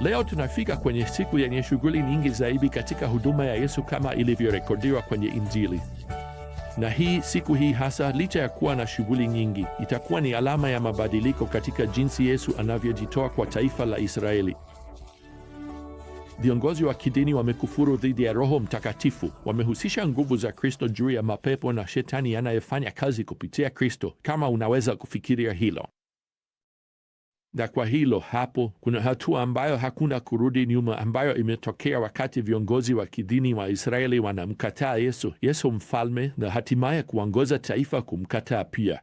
Leo tunafika kwenye siku yenye shughuli nyingi zaidi katika huduma ya Yesu kama ilivyorekodiwa kwenye Injili. Na hii siku hii hasa, licha ya kuwa na shughuli nyingi, itakuwa ni alama ya mabadiliko katika jinsi Yesu anavyojitoa kwa taifa la Israeli. Viongozi wa kidini wamekufuru dhidi ya Roho Mtakatifu, wamehusisha nguvu za Kristo juu ya mapepo na shetani yanayefanya kazi kupitia Kristo, kama unaweza kufikiria hilo na kwa hilo hapo kuna hatua ambayo hakuna kurudi nyuma, ambayo imetokea wakati viongozi wa kidini wa Israeli wanamkataa Yesu, Yesu mfalme, na hatimaye kuongoza taifa kumkataa pia.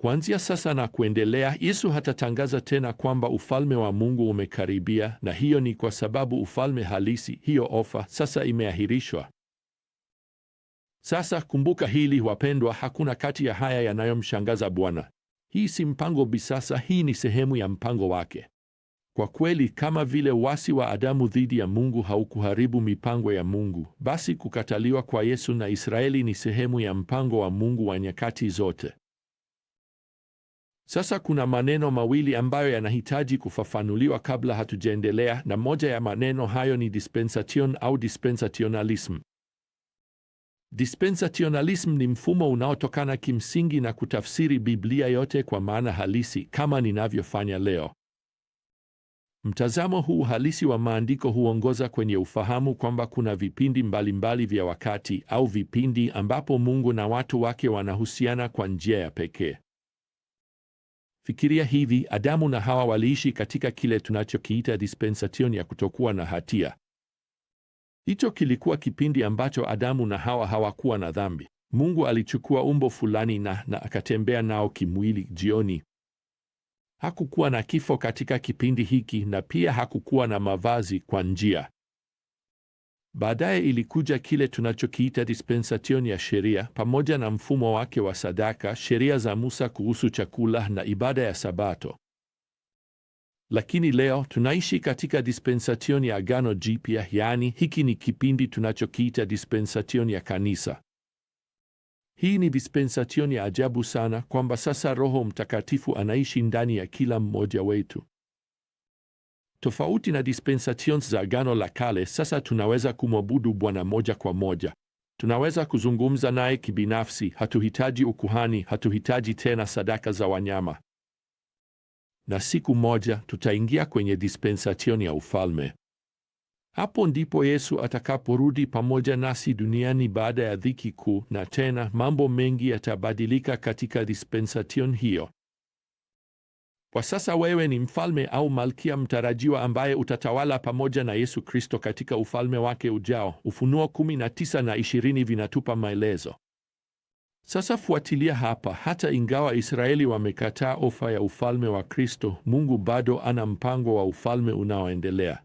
Kuanzia sasa na kuendelea, Yesu hatatangaza tena kwamba ufalme wa Mungu umekaribia, na hiyo ni kwa sababu ufalme halisi, hiyo ofa, sasa imeahirishwa. Sasa kumbuka hili wapendwa, hakuna kati ya haya yanayomshangaza Bwana. Hii si mpango bisasa, hii ni sehemu ya mpango wake. Kwa kweli, kama vile wasi wa Adamu dhidi ya Mungu haukuharibu mipango ya Mungu, basi kukataliwa kwa Yesu na Israeli ni sehemu ya mpango wa Mungu wa nyakati zote. Sasa kuna maneno mawili ambayo yanahitaji kufafanuliwa kabla hatujaendelea, na moja ya maneno hayo ni dispensation au dispensationalism. Dispensationalism ni mfumo unaotokana kimsingi na kutafsiri Biblia yote kwa maana halisi kama ninavyofanya leo. Mtazamo huu halisi wa maandiko huongoza kwenye ufahamu kwamba kuna vipindi mbalimbali vya wakati au vipindi ambapo Mungu na watu wake wanahusiana kwa njia ya pekee. Fikiria hivi, Adamu na Hawa waliishi katika kile tunachokiita dispensation ya kutokuwa na hatia. Hicho kilikuwa kipindi ambacho Adamu na Hawa hawakuwa na dhambi. Mungu alichukua umbo fulani na na akatembea nao kimwili jioni. Hakukuwa na kifo katika kipindi hiki na pia hakukuwa na mavazi kwa njia. Baadaye ilikuja kile tunachokiita dispensation ya sheria pamoja na mfumo wake wa sadaka, sheria za Musa kuhusu chakula na ibada ya Sabato. Lakini leo tunaishi katika dispensation ya agano jipya, yani hiki ni kipindi tunachokiita dispensation ya kanisa. Hii ni dispensation ya ajabu sana, kwamba sasa Roho Mtakatifu anaishi ndani ya kila mmoja wetu. Tofauti na dispensations za agano la kale, sasa tunaweza kumwabudu Bwana moja kwa moja. Tunaweza kuzungumza naye kibinafsi, hatuhitaji ukuhani, hatuhitaji tena sadaka za wanyama na siku moja tutaingia kwenye dispensation ya ufalme. Hapo ndipo Yesu atakaporudi pamoja nasi duniani baada ya dhiki kuu, na tena mambo mengi yatabadilika katika dispensation hiyo. Kwa sasa wewe ni mfalme au malkia mtarajiwa ambaye utatawala pamoja na Yesu Kristo katika ufalme wake ujao. Ufunuo 19 na 20 vinatupa maelezo. Sasa fuatilia hapa. Hata ingawa Israeli wamekataa ofa ya ufalme wa Kristo, Mungu bado ana mpango wa ufalme unaoendelea.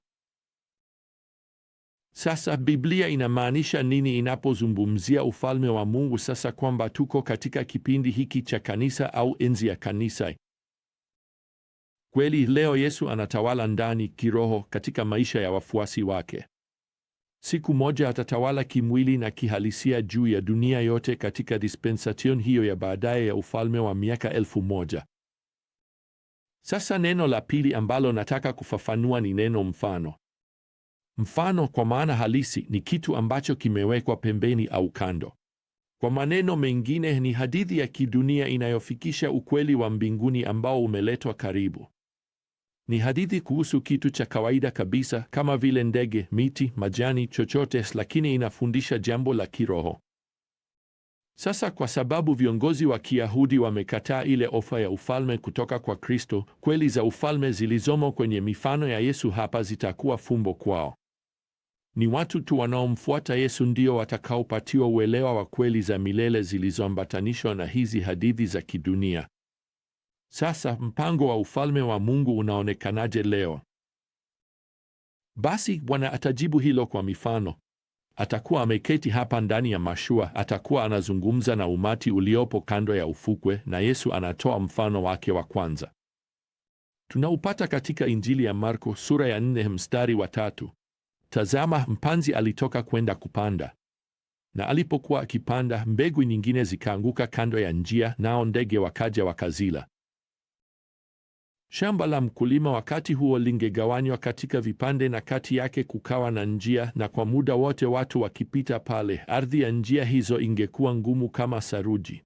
Sasa Biblia inamaanisha nini inapozungumzia ufalme wa Mungu sasa kwamba tuko katika kipindi hiki cha kanisa au enzi ya kanisa? Kweli leo Yesu anatawala ndani kiroho katika maisha ya wafuasi wake. Siku moja atatawala kimwili na kihalisia juu ya dunia yote katika dispensation hiyo ya baadaye ya ufalme wa miaka elfu moja. Sasa neno la pili ambalo nataka kufafanua ni neno mfano. Mfano kwa maana halisi ni kitu ambacho kimewekwa pembeni au kando. Kwa maneno mengine, ni hadithi ya kidunia inayofikisha ukweli wa mbinguni ambao umeletwa karibu. Ni hadithi kuhusu kitu cha kawaida kabisa kama vile ndege, miti, majani, chochote, lakini inafundisha jambo la kiroho. Sasa kwa sababu viongozi wa Kiyahudi wamekataa ile ofa ya ufalme kutoka kwa Kristo, kweli za ufalme zilizomo kwenye mifano ya Yesu hapa zitakuwa fumbo kwao. Ni watu tu wanaomfuata Yesu ndio watakaopatiwa uelewa wa kweli za milele zilizoambatanishwa na hizi hadithi za kidunia. Sasa mpango wa ufalme wa Mungu unaonekanaje leo? Basi Bwana atajibu hilo kwa mifano. Atakuwa ameketi hapa ndani ya mashua, atakuwa anazungumza na umati uliopo kando ya ufukwe, na Yesu anatoa mfano wake wa kwanza. Tunaupata katika Injili ya Marko sura ya nne mstari wa tatu. Tazama, mpanzi alitoka kwenda kupanda, na alipokuwa akipanda, mbegu nyingine zikaanguka kando ya njia, nao ndege wakaja wakazila. Shamba la mkulima wakati huo lingegawanywa katika vipande na kati yake kukawa na njia, na kwa muda wote watu wakipita pale, ardhi ya njia hizo ingekuwa ngumu kama saruji.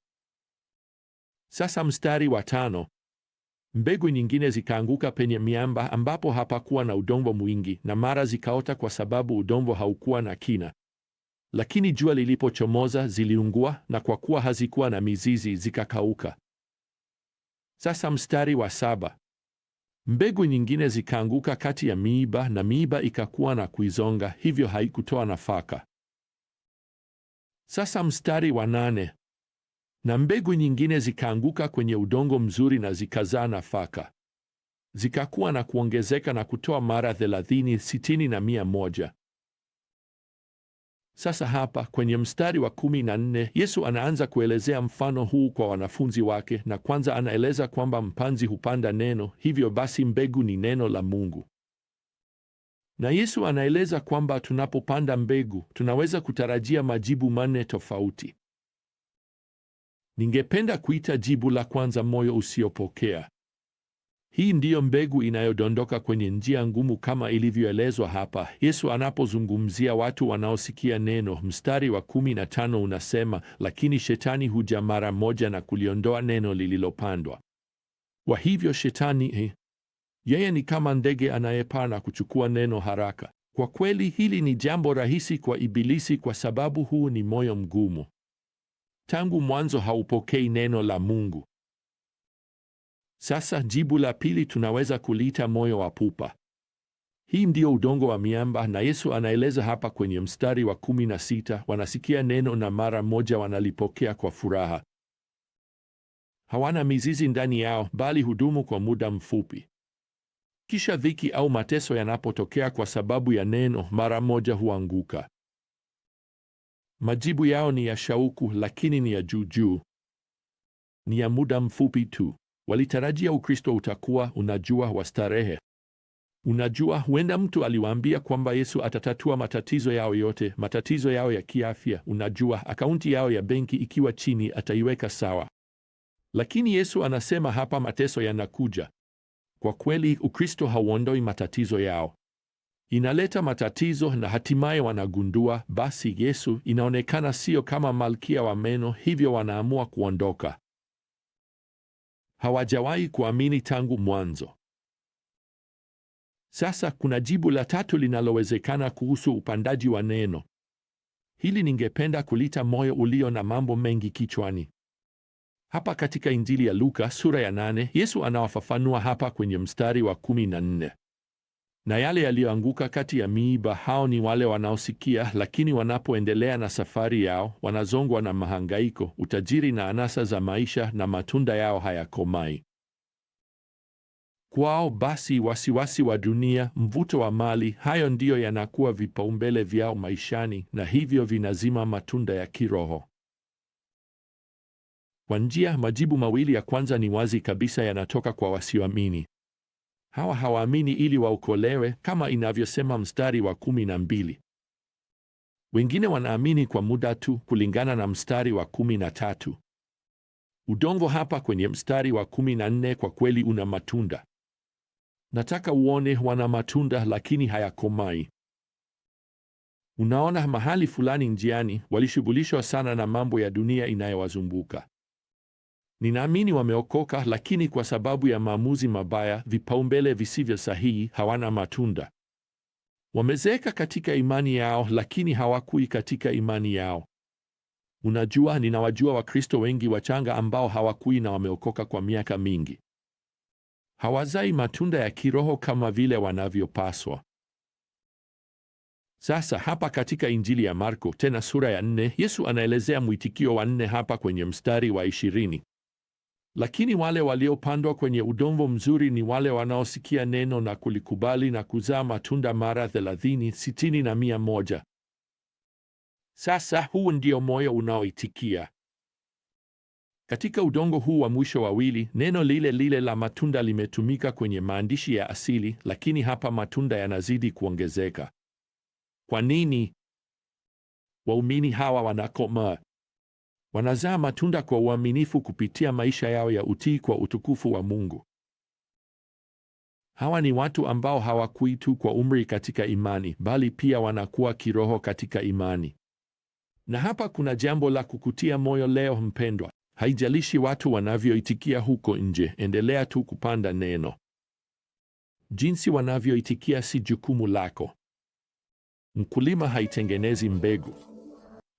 Sasa mstari wa tano, mbegu nyingine zikaanguka penye miamba ambapo hapakuwa na udongo mwingi, na mara zikaota kwa sababu udongo haukuwa na kina. Lakini jua lilipochomoza ziliungua, na kwa kuwa hazikuwa na mizizi zikakauka. Sasa mstari wa saba Mbegu nyingine zikaanguka kati ya miiba na miiba ikakuwa na kuizonga, hivyo haikutoa nafaka. Sasa mstari wa nane, na mbegu nyingine zikaanguka kwenye udongo mzuri na zikazaa nafaka, zikakuwa na kuongezeka na kutoa mara thelathini, sitini na mia moja. Sasa hapa kwenye mstari wa kumi na nne Yesu anaanza kuelezea mfano huu kwa wanafunzi wake, na kwanza anaeleza kwamba mpanzi hupanda neno, hivyo basi mbegu ni neno la Mungu. Na Yesu anaeleza kwamba tunapopanda mbegu tunaweza kutarajia majibu manne tofauti. Ningependa kuita jibu la kwanza moyo usiopokea. Hii ndiyo mbegu inayodondoka kwenye njia ngumu kama ilivyoelezwa hapa. Yesu anapozungumzia watu wanaosikia neno, mstari wa kumi na tano unasema, lakini shetani huja mara moja na kuliondoa neno lililopandwa. Kwa hivyo shetani eh, yeye ni kama ndege anayepaa na kuchukua neno haraka. Kwa kweli hili ni jambo rahisi kwa Ibilisi kwa sababu huu ni moyo mgumu. Tangu mwanzo haupokei neno la Mungu. Sasa jibu la pili tunaweza kuliita moyo wa pupa. Hii ndio udongo wa miamba, na Yesu anaeleza hapa kwenye mstari wa kumi na sita, wanasikia neno na mara moja wanalipokea kwa furaha. Hawana mizizi ndani yao, bali hudumu kwa muda mfupi. Kisha dhiki au mateso yanapotokea kwa sababu ya neno, mara moja huanguka. Majibu yao ni ya shauku, lakini ni ya juu, ni ya muda mfupi tu. Walitarajia Ukristo utakuwa unajua wa starehe. Unajua, huenda mtu aliwaambia kwamba Yesu atatatua matatizo yao yote, matatizo yao ya kiafya. Unajua, akaunti yao ya benki ikiwa chini, ataiweka sawa. Lakini Yesu anasema hapa, mateso yanakuja. Kwa kweli, Ukristo hauondoi matatizo yao, inaleta matatizo, na hatimaye wanagundua basi Yesu inaonekana sio kama malkia wa meno, hivyo wanaamua kuondoka hawajawahi kuamini tangu mwanzo. Sasa kuna jibu la tatu linalowezekana kuhusu upandaji wa neno. Hili ningependa kulita moyo ulio na mambo mengi kichwani. Hapa katika Injili ya Luka sura ya nane, Yesu anawafafanua hapa kwenye mstari wa kumi na nne na yale yaliyoanguka kati ya miiba, hao ni wale wanaosikia, lakini wanapoendelea na safari yao wanazongwa na mahangaiko, utajiri na anasa za maisha, na matunda yao hayakomai. Kwao basi, wasiwasi wa dunia, mvuto wa mali, hayo ndiyo yanakuwa vipaumbele vyao maishani, na hivyo vinazima matunda ya kiroho. Kwa njia, majibu mawili ya kwanza ni wazi kabisa, yanatoka kwa wasioamini. Hawa hawaamini ili waokolewe, kama inavyosema mstari wa kumi na mbili. Wengine wanaamini kwa muda tu, kulingana na mstari wa kumi na tatu. Udongo hapa kwenye mstari wa kumi na nne kwa kweli una matunda. Nataka uone wana matunda, lakini hayakomai. Unaona, mahali fulani njiani, walishughulishwa sana na mambo ya dunia inayowazunguka. Ninaamini wameokoka, lakini kwa sababu ya maamuzi mabaya, vipaumbele visivyo sahihi, hawana matunda. Wamezeeka katika imani yao, lakini hawakui katika imani yao. Unajua, ninawajua Wakristo wengi wachanga ambao hawakui na wameokoka kwa miaka mingi. Hawazai matunda ya kiroho kama vile wanavyopaswa. Sasa hapa katika Injili ya Marko, tena sura ya nne, Yesu anaelezea mwitikio wa nne hapa kwenye mstari wa ishirini. Lakini wale waliopandwa kwenye udongo mzuri ni wale wanaosikia neno na kulikubali na kuzaa matunda mara thelathini, sitini na mia moja. Sasa huu ndio moyo unaoitikia. Katika udongo huu wa mwisho wawili neno lile lile la matunda limetumika kwenye maandishi ya asili, lakini hapa matunda yanazidi kuongezeka. Kwa nini? Waumini hawa wanakomaa wanazaa matunda kwa uaminifu kupitia maisha yao ya utii kwa utukufu wa Mungu. Hawa ni watu ambao hawakui tu kwa umri katika imani, bali pia wanakuwa kiroho katika imani. Na hapa kuna jambo la kukutia moyo leo mpendwa. Haijalishi watu wanavyoitikia huko nje, endelea tu kupanda neno. Jinsi wanavyoitikia si jukumu lako. Mkulima haitengenezi mbegu,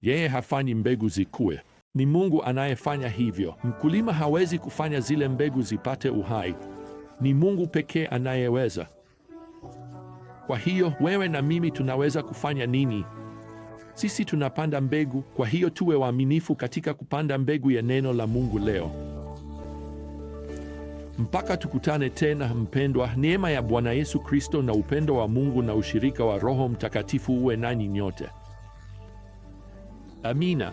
yeye hafanyi mbegu zikue. Ni Mungu anayefanya hivyo. Mkulima hawezi kufanya zile mbegu zipate uhai. Ni Mungu pekee anayeweza. Kwa hiyo wewe na mimi tunaweza kufanya nini? Sisi tunapanda mbegu, kwa hiyo tuwe waaminifu katika kupanda mbegu ya neno la Mungu leo. Mpaka tukutane tena, mpendwa, neema ya Bwana Yesu Kristo na upendo wa Mungu na ushirika wa Roho Mtakatifu uwe nanyi nyote. Amina.